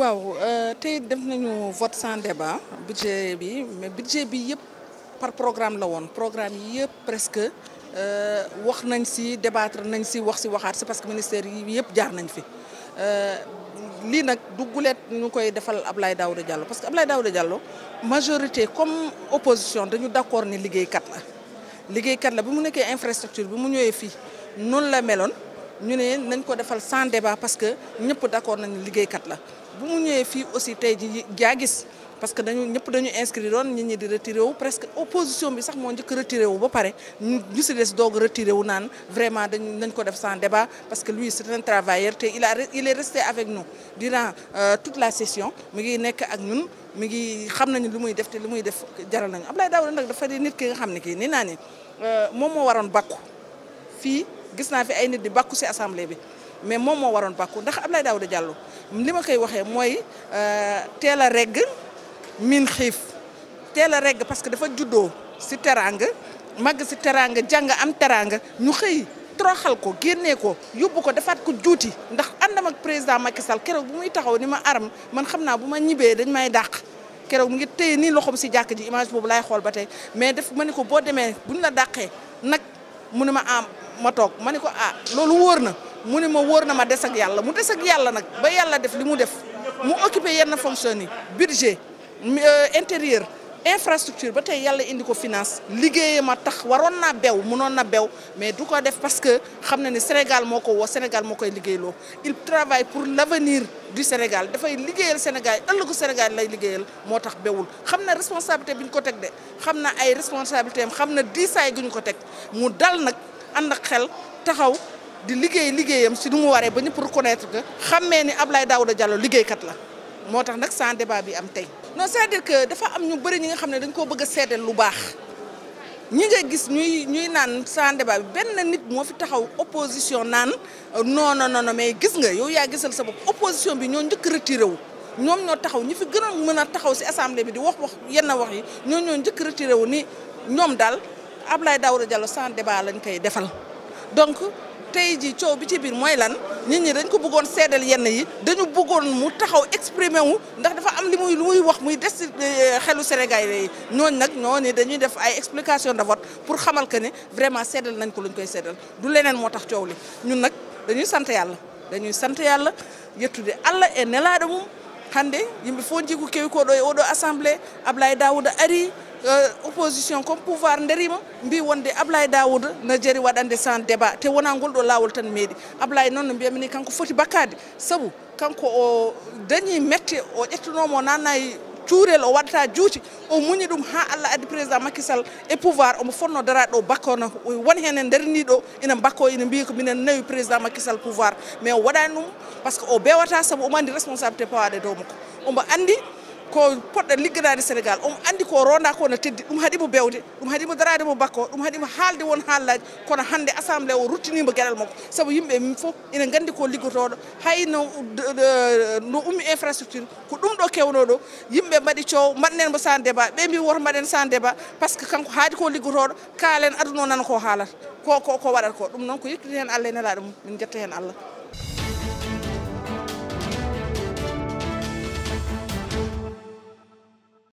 waaw euh, tey def nañu vote sans débat budget bi mais budget bi yep, par programme la woon programme yep, yëpp presque euh, wax nañ si débattre nañ si wax si waxaat parce que ministère yi yep, jaar nañ fi euh, lii nag du guleet ñu koy defal Ablaye Daouda Diallo parce que Ablaye Daouda Diallo majorité comme opposition dañu d'accord ni liggéeykat la liggéeykat la bi mu nekkee infrastructure bi mu ñëwee fi, non la melon ñu ne nañ ko defal sans débat parce que ñëpp d'accord nañ liggéeykat la bu mu ñëwee fii aussi tey ji yaa gis parce que dañu ñëpp dañu inscrire woon nit ñi di retiré presque opposition bi sax moo njëkk retiré wu ba pare ñu si des doog retiré wu naan vraiment dañu nañ ko def sans débat parce que lui c'est un travailleur te il a il est resté avec nous durant euh, toute la session mi ngi nekk ak ñun mi ngi xam nañu lu muy def te lu muy def jaral nañu Abdoulaye Daouda nag dafa di nit ki nga xam ne ni naa ne euh, moom moo waroon bakku fii gis naa fi ay nit di bàkku ci assemblée bi mais moom moo waroon bàkku ndax Abdoulaye Daouda Diallo li ma koy waxee mooy euh, teel a regg min xiif teel a regg parce que dafa juddoo ci teraanga màgg ci teraanga jàng am teraanga ñu xëy toroxal ko génnee ko yóbbu ko defaat ko juuti ndax àndam ak président Macky Sall keroog bu muy taxaw ni ma aram man xam naa bu ma ñibbee dañ may dàq. keroog mu ngi téye nii loxoom si jàkk ji image boobu laay xool ba tey mais def ma ne ko boo demee buñ la dàqee nag mu ma ma toog ma ne ko ah loolu wóor na mu ne ma wóor na ma des ak yàlla mu des ak yàlla nag ba yàlla def li mu def mu occupé yenn fonction yi budget euh, intérieur infrastructure ba tey yàlla indi ko finance liggéeyee ma tax waroon naa bew mënoon na bew mais du ko def parce que xam na ne Sénégal moo ko woo Sénégal moo koy liggéeyloo il travaille pour l'avenir du Sénégal dafay liggéeyal Sénégal ëllëgu Sénégal lay liggéeyal moo tax bewul xam na responsabilité bi ñu ko teg de xam na ay responsabilité am xam na diisaay gu ñu ko teg mu dal nag. ànd ak xel taxaw di liggéey liggéeyam si nu mu waree ba ñëpp reconnaître que xammee ni Ablaye Daouda Diallo liggéeykat la moo tax nag sans débat bi am tey. non saa à dire dafa am ñu bëri ñi nga xam ne dañ koo bëgg a seedeel baax ñi nga gis ñuy ñuy naan sans bi benn nit moo fi taxaw opposition naan euh, non non non mais gis nga yow yaa gisal sa bopp opposition bi ñoo njëkk retiré wu. ñoom ñoo taxaw ñi fi gën a mën a taxaw si assemblée bi di wax wax yenn wax yi ñoo ñoo njëkk retiré wu ni ñoom daal. Abdoulaye Daouda Diallo sans débat lañ koy defal donc tey ji coow bi ci bir moy lan nit ñi dañ ko bëggoon seedal yenn yi dañu bëggoon mu taxaw exprimer wu ndax dafa am li muy muy wax muy eh, xelu Sénégalais yi ñooñu nag ñooñu dañuy def ay explication de vote pour xamal que ne vraiment seedal nañ ko luñ koy seedal du leneen moo tax li ñun nag dañuy sante yalla dañuy sante yalla yettude Allah e nelaɗo mum hande yimbe fo jiiku kewi do e oɗo assemblée Ablaye Daouda ari Euh, opposition comme pouvoir nderima mbi wonde ablaye dawouda ne jeri waɗande sans débat te wona ngol ɗo lawol tan meeɗi ablaye noon no mbiyamini kanko foti bakkade saabu kanko o dañi mette o ƴettanoma o nannayi cuurel o waɗata juuti o muñi ɗum ha allah addi président makisall e pouvoir omo fonno darade ɗo bakkono won hen e nderniɗo ina bakko ina mbi ko minen nawi président makisall pouvoir mais o waɗani ɗum par ce que o bewata saabu omo andi responsabilité pawaɗe e dow makko omo andi ko poɗɗo ligganade sénégal omo andi ko ronda ko no teddi ɗum haaɗimo bewde ɗum haaɗimo darade mo bakko ɗum haaɗimo haalde won haallaji kono hande assemblé o ruttinimo gueɗal makko saabu yimɓe min foof ina gandi ko liggotoɗo hayno no ummi infrastructure ko ɗum ɗo kewno ɗo yimɓe mbaɗi coow mbaɗnen mo sans débat ɓe mbi woto mbaɗen sans débat par ce que kanko haadi ko liggotoɗo kaalen aduna nana ko haalata ko ko waɗata ko ɗum noon ko yettiti hen allah e nelaɗo mum min jetta hen allah